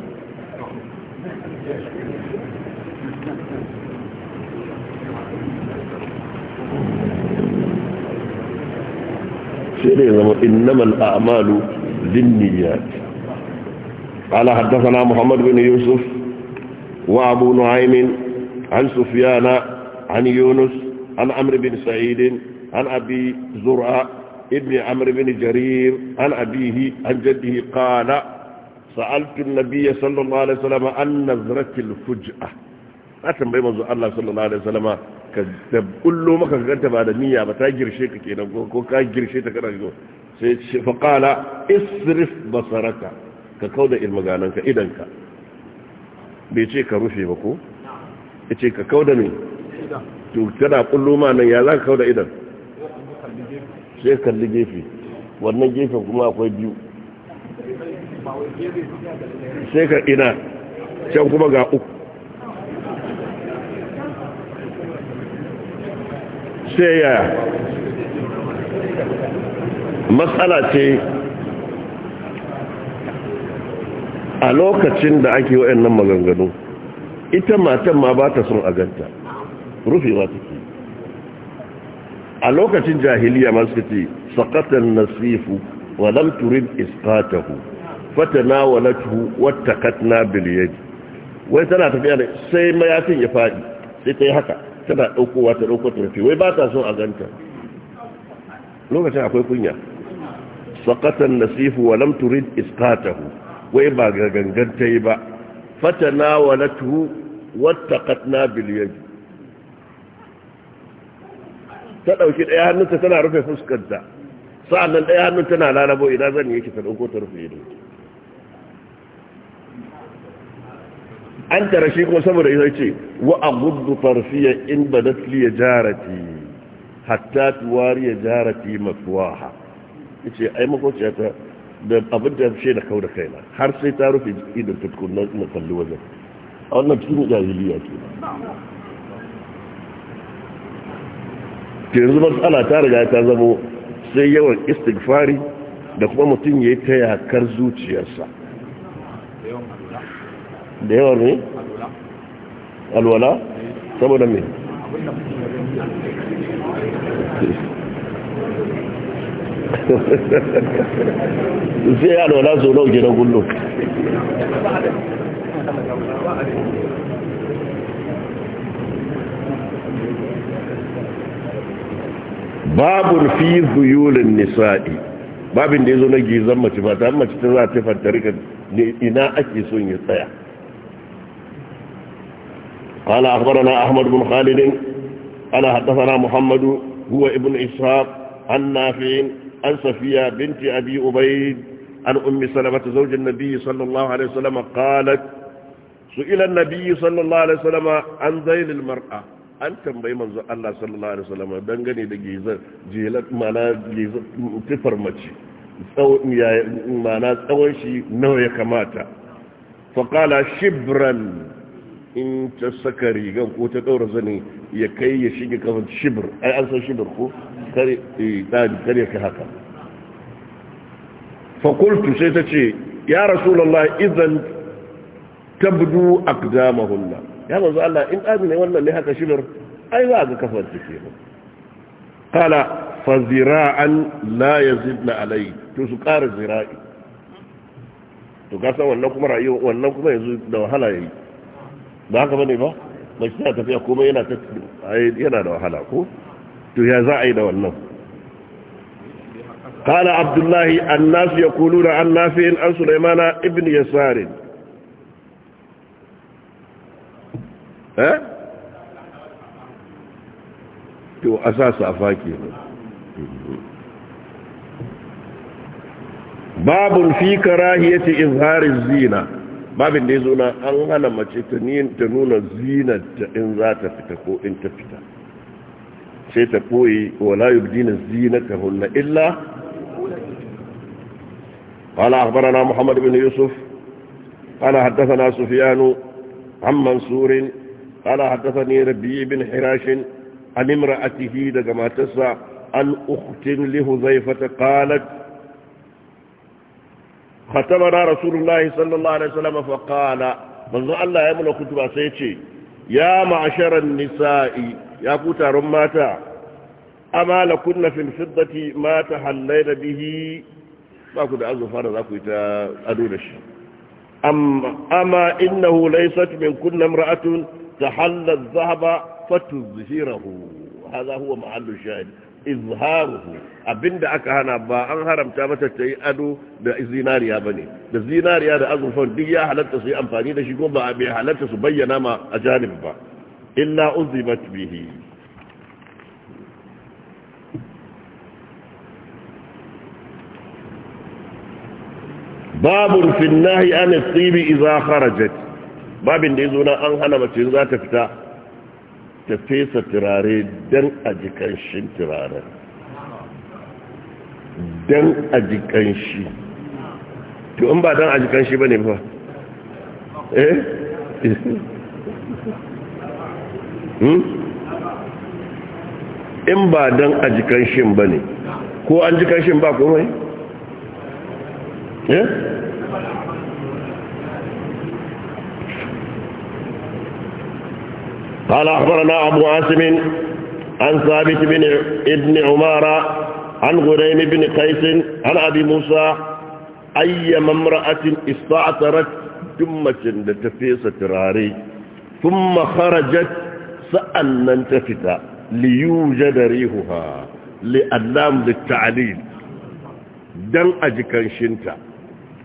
shirin zama innama al'amalu zinniyar ala haddasa na muhammadu bin yusuf wa abu nuhaimin عن سفيان عن يونس عن عمرو بن سعيد عن أبي زرع ابن عمرو بن جرير عن أبيه عن جده قال سألت النبي صلى الله عليه وسلم عن نظرة الفجأة أتم بما زو الله صلى الله عليه وسلم كذب كل ما كنت بعد نية بتاجر شيك كينا كاجر شيك كنا فقال اصرف بصرك كقود المغانك إذنك بيجي كروشي بكو ya ce ka kauda mai to tana kullu ma nan ya za ka kauda idan sai kalli gefe wannan gefe kuma akwai biyu sai ka ina can kuma ga uku sai ya matsala ce a lokacin da ake wa'annan maganganu ita matan ma ba ta son a ganta rufewa take a lokacin jahiliya suka ce sakatan nasifu wa lam turid isqatahu fatanawalatu wattaqatna bil yadi wai tana tafiya ne sai mayafin ya fadi sai ta yi haka tana daukowa ta dauko ta tafi wai ba ta son a ganta lokacin akwai kunya sakatan nasifu wa lam turid isqatahu wai ba gangan ta yi ba fatanawalatu wattaqatna bil yadi ta dauki daya hannunta tana rufe fuskarta sa'annan daya hannun tana lalabo ina zan yake ta dauko ta rufe ido an tara shi kuma saboda ita ce wa aghuddu tarfiya in badat li jarati hatta tuwari jarati maswaha yace ai makociya ta da abin da shi da kauda kaina har sai ta rufe idan tukunna na kalli wajen a wannan cikin jahiliya ke ke yanzu ana ta riga ta zamo sai yawan istighfari da kuma mutum ya yi ta yakar zuciyarsa da yawan ne? alwala saboda me (laughs) sai alwala zo nau na gullo babur fi zuyulin nisa'i babin da ya zo na gizon mace ba ta mace ta za ta fata rikin ne ina ake son ya tsaya ƙala akwarana ahmadu bin khalidin ana haddasa muhammadu huwa ibn ishaq an nafi'in an safiya binti abi ubaid an ummi salama ta zaujin nabi sallallahu alaihi wasallam qalat سئل النبي صلى الله عليه وسلم عن ذيل المرأة an tambayi manzo Allah sallallahu alaihi wasallam dangane da gizar jelat mana gizar tifar mace tsawon ya mana tsawon shi nawa ya kamata fa qala shibran in ta saka rigan ko ta daura zani ya kai ya shige kafin shibr ai an san shibr ko kare eh kare ka haka fa qultu sai ta ce ya rasulullahi idan tabdu aqdamahunna ya manzo Allah in ne wannan ne haka shibir ai za ga kafar su ke qala fa zira'an la yazidna alai to su ƙara zira'i to ka san wannan kuma rayuwa wannan kuma yanzu da wahala yayi ba haka bane ba ba shi ta tafiya komai yana ta yana da wahala ko to ya za a yi da wannan قال عبد الله الناس يقولون عن نافع عن سليمان ابن يسار Eh? to a sa su safa ke Babin fi ya in izharin zina babin da yazo na an hana mace ta nuna nuna zinarta in za ta fita ko in ta fita sai ta koyi wala ta zinatahunna illa قال muhammadu bin yusuf يوسف haddasa na sufiyanu عن surin. قال حدثني ربي بن حراش عن امرأته دقما تسع عن أخت له زيفة قالت ختمنا رسول الله صلى الله عليه وسلم فقال بل الله يمنى وكتب أسيتي يا معشر النساء يا كوتا رماتا أما لكن في الفضة ما تحلينا به ما كنت أزفر ذاكو إتا أدولش أما, أما إنه ليست من كل امرأة استحل الذهب فتظهره هذا هو محل الشاهد izharuhu abinda aka hana ba an haramta mata ta ado da zinariya ba ne da zinariya da azurfan duk ya halatta su yi amfani da shi ko ba bai halatta su bayyana ma a janib ba illa uzibat bihi babu rufin nahi an tsibi iza kharajat babin da ya zo na an hana mace za ta fita ta fesa turare don a ji turaren don a ji to in ba don a ji kanshi ba ne ba eh (laughs) hmm? in ba don a ji kanshin ba ne ko an jikanshin ba kuma eh قال أخبرنا أبو عاصم عن ثابت بن ابن عمارة عن غريم بن قيس عن أبي موسى أي امرأة استعترت جمة لتفيس تراري ثم خرجت سألنا انتفت ليوجد ريحها لألام للتعليل دم أجكن شنتا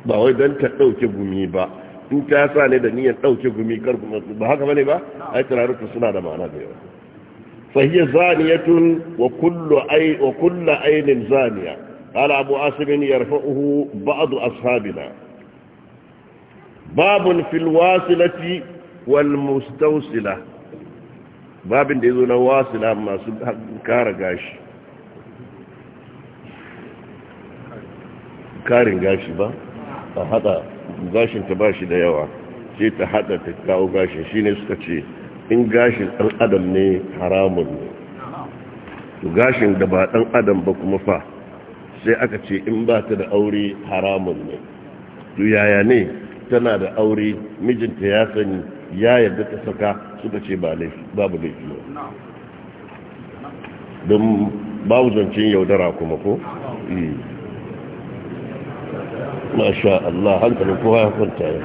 ba دم don بميبا in ta sa ne da niyyar ɗauke gumi karfin ba haka bane ba ai turaruka suna da ma'ana da yawa fahiyya zaniyatun wa kullu ai wa kullu ainin zaniya qala abu asim yarfa'uhu ba'd ashabina babun fil wasilati wal mustawsila babin da yazo na wasila masu kare gashi karin gashi ba ta hada gashin ta bashi da yawa sai ta hada ta kawo gashin shine suka ce in gashin dan adam ne haramun ne to gashin da ba dan adam ba kuma fa sai aka ce in ba ta da aure haramun ne to yaya ne tana da aure mijinta ya sani ya yarda ta saka suka ce ba laifi babu laifi don babu zancen yaudara kuma ko? Eh. masha Allah hankalin kowa ya kwanta ya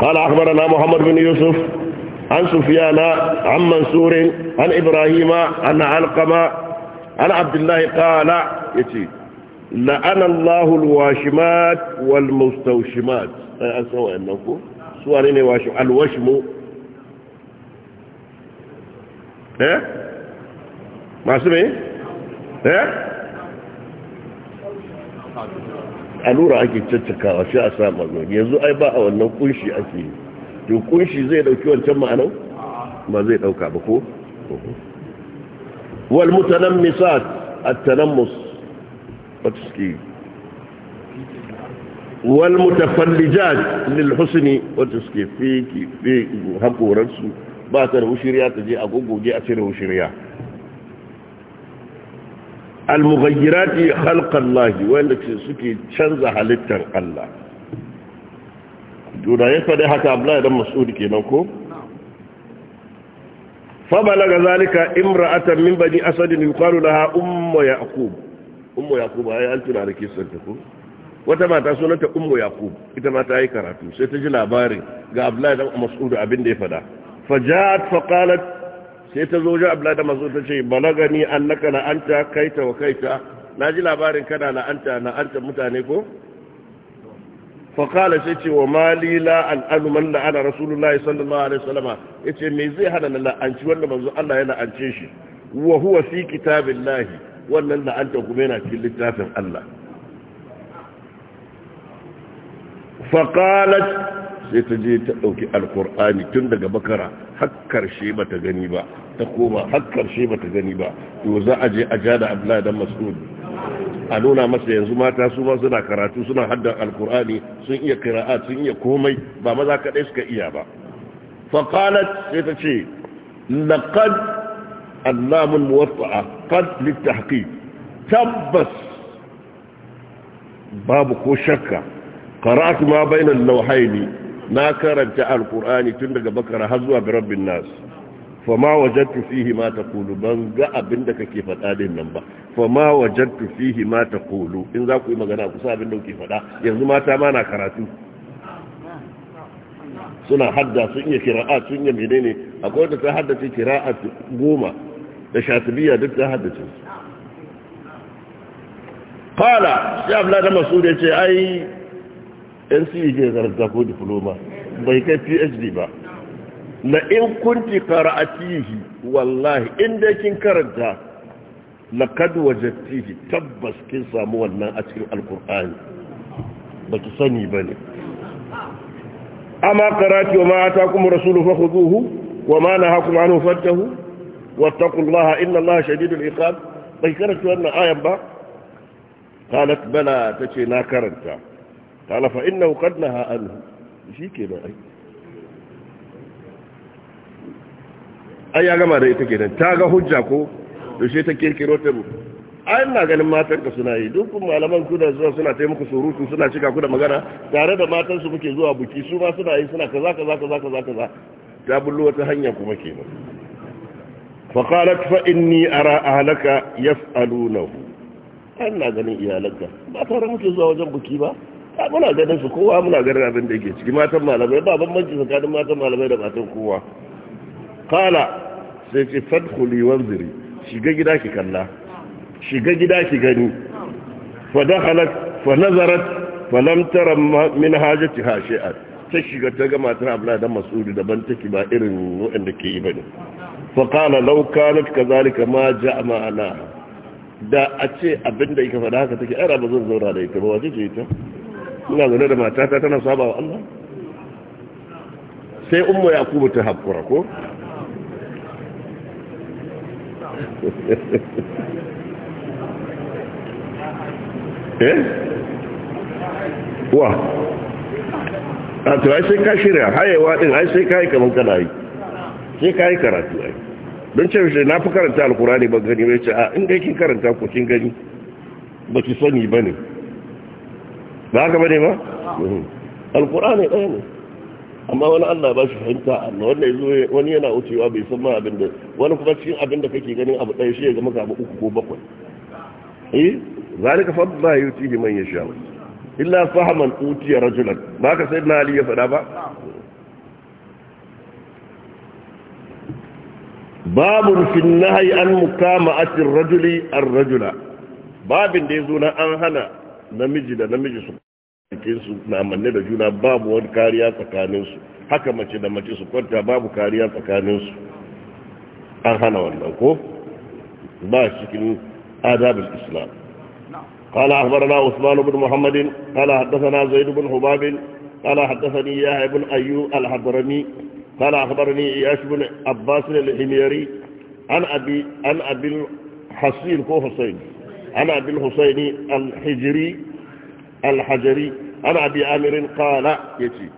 kala akbara na muhammadu bin yusuf an sufiyana an mansurin an ibrahima an alkama an abdullahi kala ya ce la'anallahu alwashimat walmustaushimat ɗan an san wa'annan ku suwa ne ne alwashimu eh masu mai Eh? allura ake caccakawa shi a sa mazo yanzu ai ba a wannan kunshi ake yi to kunshi zai dauki wancan ma'anau ba zai dauka ba ko wal mutanammisat at-tanammus watski wal mutafallijat lil husni watski fiki fi haƙorarsu ba ta da ushiriya ta je a gogoge a cire ushiriya al-mughayyirati khalqallahi wanda suke canza halittar Allah duda ya faɗi haka abdullahi dan mas'ud kenan ko fa balaga zalika imra'atan min bani asad yuqalu laha ummu yaqub ummu yaqub ai an tuna da kisan ta ko wata mata sunanta ummu yaqub ita mata ta yi karatu sai ta ji labarin ga abdullahi dan mas'ud abin da ya faɗa fajat faqalat sai ta zo wajen abdullahi da mazo ta ce balagani annaka na anta kaita wa kaita na ji labarin kana na anta na anta mutane ko faƙala sai ce wa mali la al'adu man la'ana rasulullahi sallallahu alaihi wasallama ya ce me zai hana na la'anci wanda manzo Allah ya la'ance shi wa huwa fi kitabillahi wannan la'anta kuma yana cikin littafin Allah faqalat sai ta je ta ɗauki alkur'ani tun daga bakara har karshe ba ta gani ba ta koma har ba ta gani ba to za a je a ja da abdullahi dan mas'ud a nuna masa yanzu mata su ma suna karatu suna haddan alkur'ani sun iya kira'a sun iya komai ba maza kaɗai suka iya ba faqalat sai ta ce laqad allamun muwaffa'a qad litahqiq tabbas babu ko shakka karatu ma bainal lawhaini na karanta alkur'ani tun daga bakara har zuwa ga rabbin nas ma wajadtu fihi ma taqulu ban ga abin da kake faɗa din nan ba Fa ma wajadtu fihi ma taqulu in za ku yi magana ku sa abin kuke faɗa yanzu mata ma na karatu suna hadda sun yi kira'a sun yi menene akwai da ta haddace kira'a goma da shatibiya duk ta haddace qala sai abla da masu da ce ai NCE zai karanta ko diploma bai kai PhD ba na in kunti qara'atihi wallahi in kin karanta laqad wajadtihi tabbas kin samu wannan a cikin alqur'ani baki sani bane amma qara'ati wa ma ataakum rasuluhu fakhuduhu wa ma nahakum anhu fantahu wattaqullaha inna allaha shadidul iqab bai karanta wannan ayan ba قالت بلى تتي na karanta. قال فإنه قد نهى shi ke nan ai ai ya gama da ita ke ta ga hujja ko yaushe ta kirkiro ta mu ai ganin matan suna yi dukkan malaman suna taimaka surutu suna cika ku da magana tare da matan su muke zuwa buki su suna yi suna kaza kaza kaza ta bullo wata hanya kuma ke nan fa qalat fa inni ara ahlaka yas'alunahu ai ina ganin iyalanka ba tare muke zuwa wajen buki ba muna ganin su kowa muna ganin abin da ke ciki matan malamai ba bambanci tsakanin matan malamai da matan kowa kala sai ce fadkhuli wanziri shiga gida ki kalla shiga gida ki gani fa dakhalat fa nazarat fa lam tara min ha shi'a ta shiga ta ga abla da masudi da ban take ba irin wanda ke yi bane fa kala law kanat kadhalika ma ja'a ma'ana da a ce abinda yake faɗa haka take ai ba zan zaura da ita ba wace ce ita ina zaune da matata tana saba wa Allah sai umma yakubu ta hakura ko (laughs) eh wa a to ai sai ka shirya hayewa din ai sai kai kaman kana yi sai kai karatu ai don ce shi na fi karanta alkurani ba gani mai ce a inda yake karanta ko kin gani ba ki sani ba ne ba haka bane ba alkur'ani ɗaya ne amma wani Allah ba shi fahimta Allah wanda zoye wani yana wucewa bai san ma abin da wani kuma cikin abin da kake ganin abu ɗaya shi ya zama ka abu uku ko bakwai eh zalika fadla yutihi man yasha illa fahaman utiya rajulan ba ka sai na ali ya faɗa ba babu fi nahyi an mukama'ati rajuli ar-rajula babin da yazo na an hana namiji da namiji su su na manne da juna babu wani kariya tsakaninsu. haka mace da mace su kwanta babu kariya tsakaninsu. an hana wannan ko ba cikin adabin islam قال أخبرنا عثمان بن محمد قال حدثنا زيد بن حباب قال حدثني يحيى بن أيوب الحضرمي قال أخبرني إياش بن عباس الحميري عن أبي عن أبي الحصين كو حسين عن أبي الحسين الحجري الحجري عن أبي عامر قال يتي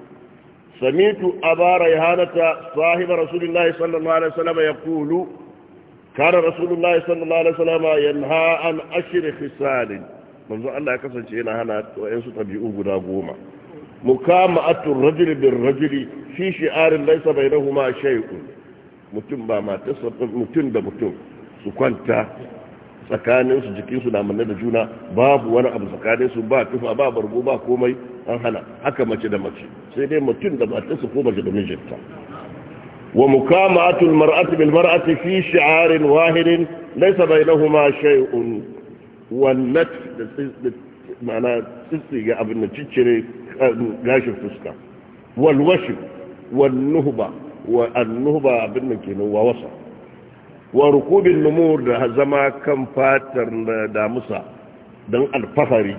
سمعت أبا ريهانة صاحب رسول الله صلى الله عليه وسلم يقول كان رسول الله صلى الله عليه وسلم ينهى عن أشر خصال منذ الله كسن شيئنا هنا وإنسو تبيئوه ناقوما مكامأة الرجل بالرجل في شعار ليس بينهما شيء متم ما تسرق متم ده متم سكنت tsakaninsu jikinsu na manne da juna babu wani abu tsakaninsu ba tufa ba bargo ba komai an hana haka mace da mace sai dai mutum da matarsa ko mace da mijinta wa mukama'atul mar'ati bil mar'ati fi shi'arin wahidin laysa bainahuma shay'un wallat ma'ana tsitsiga abin da ciccire eh, gashin fuska wal washib wal nuhba wa an nuhba abin da kenan wa wasa wa rukubin numur da zama kan fatar da musa don alfahari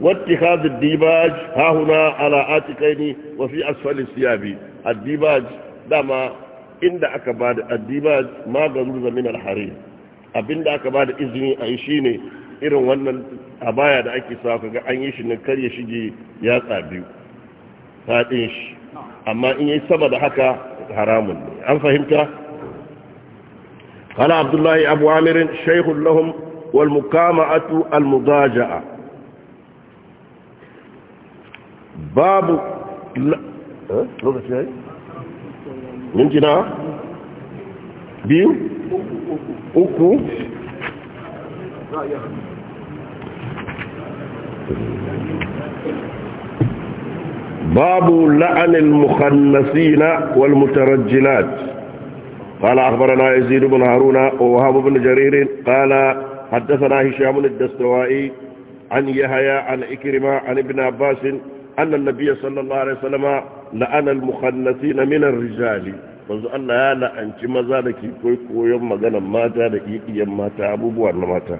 واتخاذ الديباج ها هنا على آتكين وفي أسفل الثياب الديباج دما عند أكباد الديباج ما غمز من zamin alhari abinda aka ba da izini a yi shi ne irin wannan abaya da ake sa kaga an yi shi ne kar karya shige ya tsabi. fadin shi amma in yi sama da haka haramun ne an fahimta قال عبد الله أبو عامر شيخ لهم والمكامعة المضاجعة باب لا بيو أكو باب لعن المخنثين والمترجلات قال أخبرنا يزيد بن هارون وهاب بن جرير قال حدثنا هشام الدستوائي عن يهيا عن إكرمة عن ابن عباس أن النبي صلى الله عليه وسلم لأن المخنثين من الرجال فزألنا يا لأنت ما ذلك كويكو يوم غنى ماتا لكيك يوم ماتا أبوبو أن ماتا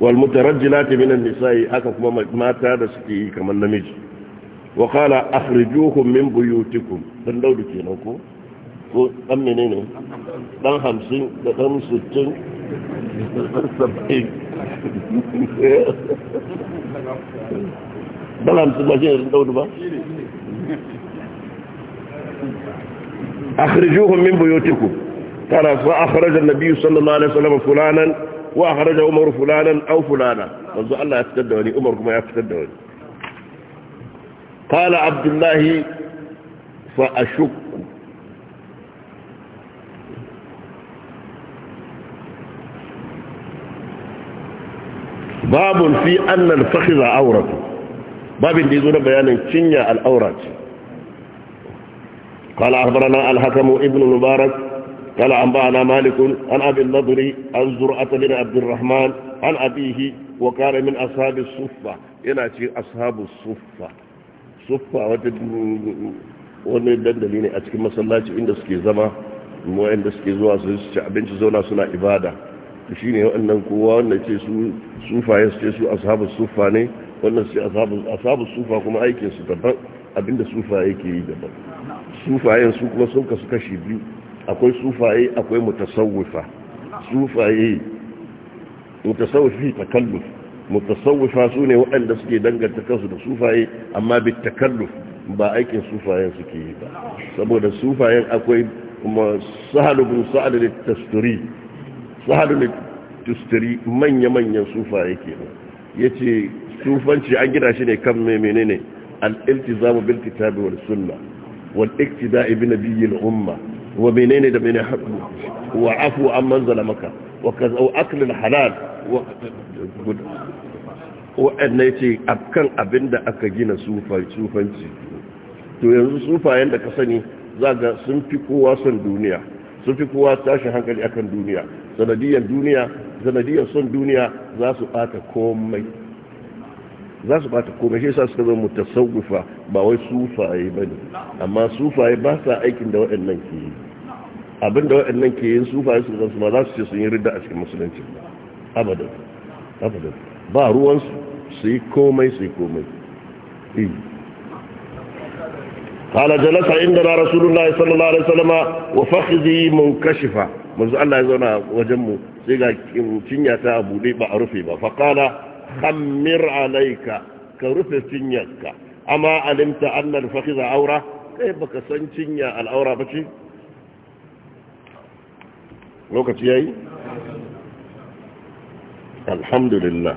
والمترجلات من النساء أكاكم ماتا لسكي كما النميج وقال أخرجوهم من بيوتكم فلنو بكينوكو ko ɗan ɗan hamsin da ɗan sittin ɗan hamsin ba shi ne ba أخرجوهم من بيوتكم قال فأخرج النبي صلى الله عليه وسلم فلانا وأخرج عمر فلانا أو فلانا منذ الله يفتدوني عمر كما يفتدوني قال عبد الله فأشك Babu fi annal fahim a auratu babin da yi zuwa bayanin cinya al'aura ce kala abarana alhakamu ibn mubarak kala an ba'ana malikun an abin naduri an zuru atalin abdurrahman an abihi wa kare min ashabi suffa yana ce ashabu suffa suffa wata wani dandali ne a cikin masallaci inda suke zama mu'ayin da suke zuwa su ci abinci zauna suna ibada shi ne waɗannan kowa wanda ce su sufaye su ce su ashabu sufa ne wannan su ashabu sufa kuma aikin su daban abinda sufaye yake yi daban sufayen su kuma sun kasu kashi biyu akwai sufaye akwai mutasawwifa sufaye mutasawwifi takalluf mutasawwifa su ne waɗanda suke danganta kansu da sufaye amma bi takalluf ba aikin sufayen suke yi ba saboda sufayen akwai kuma sahalubin sa'adar da tasturi sahalul tustari manya-manyan sufaye ya yace sufanci an gina shi ne kan menene al-iltizamu bil kitabi wal sunna wal iktida'i bi nabiyil umma wa menene da menene haƙu wa afu an manzala maka wa ka wa aklil halal wa waɗanda ya ce kan abin da aka gina sufanci to yanzu sufayen da ka sani za ga sun fi kowa son duniya sun fi kowa tashin hankali akan duniya sanadiyar duniya sanadiyar son duniya za su bata komai za su bata komai shi sa suka zama tasawufa ba wai sufaye bane amma sufaye ba sa aikin da waɗannan ke yi abin da waɗannan ke yin sufaye su zama za su ce sun yi ridda a cikin musulunci abadan abadan ba ruwansu su yi komai su yi komai eh. قال جلس عندنا رسول الله صلى الله عليه وسلم وفخذي منكشفة منذ الله يزونا وجمه سيقا تنيا تابو لي بعرفي فقال خمر عليك كرف تنياك أما علمت أن الفخذ عورة كيف كسن تنيا العورة بشي لوكتي الحمد لله